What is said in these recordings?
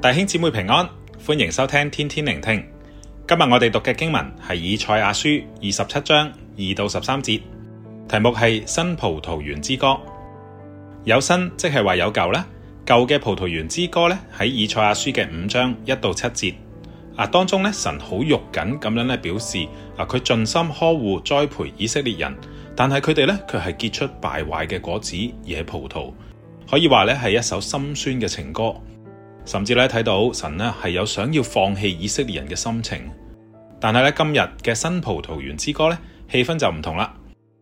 弟兄姊妹平安，歡迎收聽天天聆聽。今日我哋讀嘅經文係以賽亞書二十七章二到十三節，題目係新葡萄園之歌。有新即係話有舊啦，舊嘅葡萄園之歌咧，喺以賽亞書嘅五章一到七節啊，當中咧，神好肉緊咁樣咧表示啊，佢盡心呵護栽培以色列人，但係佢哋咧，卻係結出敗壞嘅果子，野葡萄可以話咧，係一首心酸嘅情歌。甚至咧睇到神呢，係有想要放棄以色列人嘅心情，但係咧今日嘅新葡萄園之歌咧氣氛就唔同啦。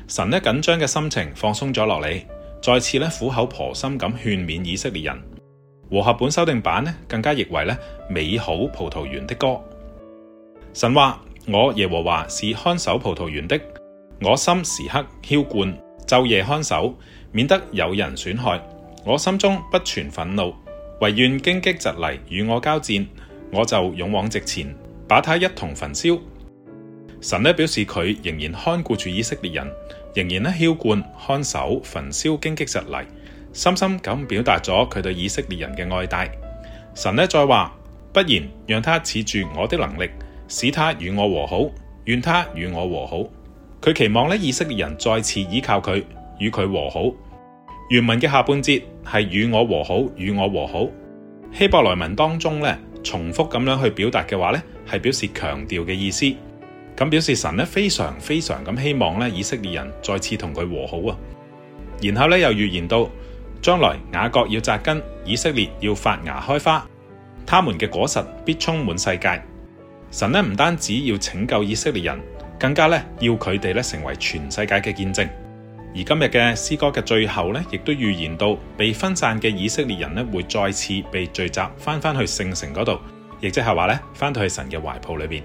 神呢，緊張嘅心情放鬆咗落嚟，再次咧苦口婆心咁勸勉以色列人。和合本修訂版呢，更加譯為咧美好葡萄園的歌。神話我耶和華是看守葡萄園的，我必時刻澆灌，晝夜看守，免得有人損害。我心中不存忿怒。唯願荊棘蒺藜與我交戰，我就勇往直前，把它一同焚燒。神呢，表示佢仍然看顧住以色列人，仍然呢澆灌、看守、焚燒荊棘蒺藜，深深咁表達咗佢對以色列人嘅愛戴。神呢再話：「不然，讓他持住我的能力，使他與我和好，願他與我和好。」佢期望呢以色列人再次倚靠佢，與佢和好。原文嘅下半節係與我和好，與我和好。希伯來文當中呢，重複咁樣去表達嘅話呢，係表示強調嘅意思。咁表示神呢非常非常咁希望以色列人再次同佢和好啊。然後呢又預言到，將來雅各要紮根，以色列要發芽開花，他們嘅果實必充滿世界。神呢唔單止要拯救以色列人，更加呢要佢哋呢成為全世界嘅見證。而今日嘅詩歌嘅最後咧，亦都預言到被分散嘅以色列人咧，會再次被聚集，翻返去聖城嗰度，亦即係話咧，翻到去神嘅懷抱裏邊。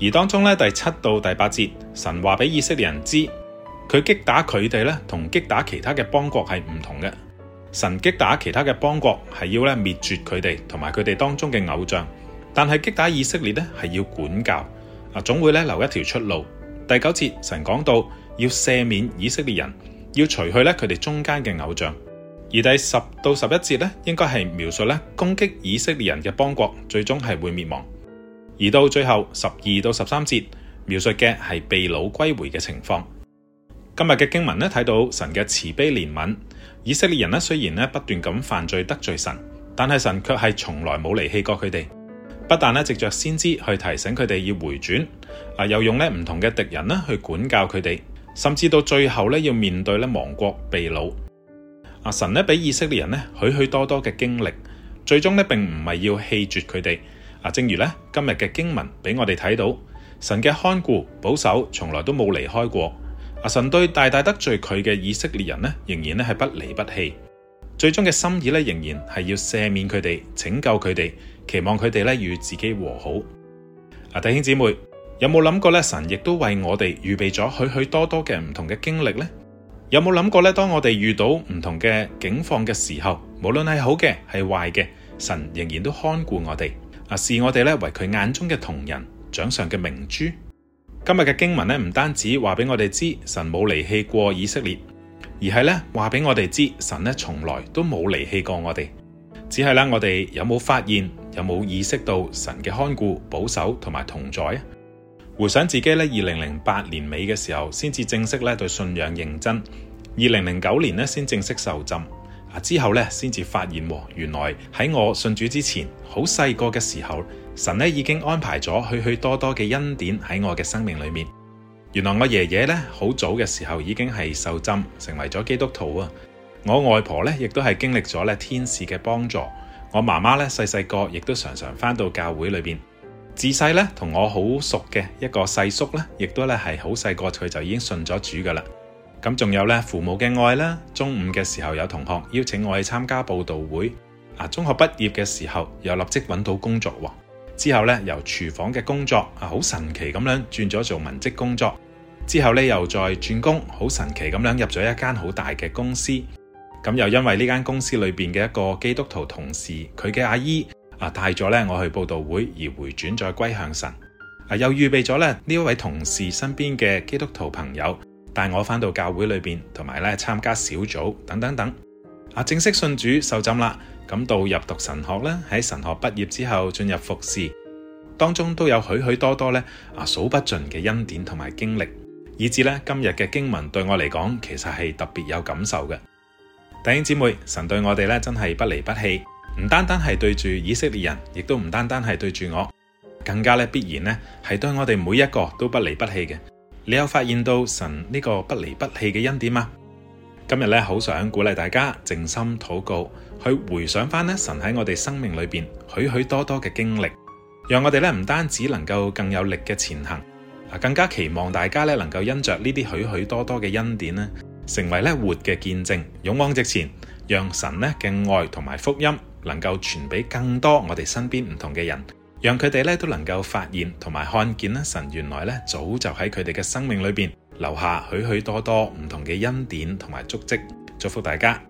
而當中咧第七到第八節，神話俾以色列人知，佢擊打佢哋咧，同擊打其他嘅邦國係唔同嘅。神擊打其他嘅邦國係要咧滅絕佢哋，同埋佢哋當中嘅偶像，但係擊打以色列咧係要管教，啊總會咧留一條出路。第九節神講到。要赦免以色列人，要除去咧佢哋中間嘅偶像。而第十到十一節咧，應該係描述咧攻擊以色列人嘅邦國，最終係會滅亡。而到最後十二到十三節，描述嘅係被擄歸回嘅情況。今日嘅經文咧睇到神嘅慈悲憐憫，以色列人咧雖然咧不斷咁犯罪得罪神，但係神卻係從來冇離棄過佢哋。不但咧藉着先知去提醒佢哋要回轉，啊又用咧唔同嘅敵人咧去管教佢哋。甚至到最後咧，要面對咧亡國被擄。啊，神咧俾以色列人咧許許多多嘅經歷，最終咧並唔係要棄絕佢哋。啊，正如咧今日嘅經文俾我哋睇到，神嘅看顧保守從來都冇離開過。啊，神對大大得罪佢嘅以色列人咧，仍然咧係不離不棄。最終嘅心意咧，仍然係要赦免佢哋、拯救佢哋，期望佢哋咧與自己和好。啊，弟兄姊妹。有冇諗過咧？神亦都為我哋預備咗許許多多嘅唔同嘅經歷呢？有冇諗過咧？當我哋遇到唔同嘅境況嘅時候，無論係好嘅係壞嘅，神仍然都看顧我哋啊，視我哋咧為佢眼中嘅瞳人，掌上嘅明珠。今日嘅經文咧，唔單止話俾我哋知神冇離棄過以色列，而係咧話俾我哋知神咧從來都冇離棄過我哋，只係啦，我哋有冇發現，有冇意識到神嘅看顧、保守同埋同在？回想自己咧，二零零八年尾嘅時候，先至正式咧對信仰認真。二零零九年呢，先正式受浸。啊之後咧，先至發現原來喺我信主之前，好細個嘅時候，神咧已經安排咗許許多多嘅恩典喺我嘅生命裏面。原來我爺爺咧，好早嘅時候已經係受浸，成為咗基督徒啊。我外婆咧，亦都係經歷咗咧天使嘅幫助。我媽媽咧，細細個亦都常常翻到教會裏邊。自細咧同我好熟嘅一個細叔咧，亦都咧係好細個佢就已經信咗主噶啦。咁仲有咧父母嘅愛啦。中五嘅時候有同學邀請我去參加佈道會。啊，中學畢業嘅時候又立即揾到工作喎。之後咧由廚房嘅工作啊，好神奇咁樣轉咗做文職工作。之後咧又再轉工，好神奇咁樣入咗一間好大嘅公司。咁、啊、又因為呢間公司裏邊嘅一個基督徒同事，佢嘅阿姨，啊帶咗咧我去佈道會而回轉再歸向神。啊又預備咗咧呢一位同事身邊嘅基督徒朋友帶我返到教會裏邊同埋咧參加小組等等等。啊正式信主受浸啦，咁到入讀神學啦，喺神學畢業之後進入服事，當中都有許許多多咧啊數不盡嘅恩典同埋經歷，以至咧今日嘅經文對我嚟講其實係特別有感受嘅。弟兄姊妹，神對我哋咧真係不離不棄。唔單單係對住以色列人，亦都唔單單係對住我，更加咧必然咧係對我哋每一個都不離不棄嘅。你有發現到神呢個不離不棄嘅恩典嗎？今日咧好想鼓勵大家靜心禱告，去回想翻咧神喺我哋生命裏邊許許多多嘅經歷，讓我哋咧唔單止能夠更有力嘅前行，更加期望大家咧能夠因着呢啲許許多多嘅恩典咧，成為咧活嘅見證，勇往直前，讓神咧嘅愛同埋福音能夠傳俾更多我哋身邊唔同嘅人，讓佢哋呢都能夠發現同埋看見呢，神原來呢早就喺佢哋嘅生命裏邊留下許許多多唔同嘅恩典同埋足跡，祝福大家。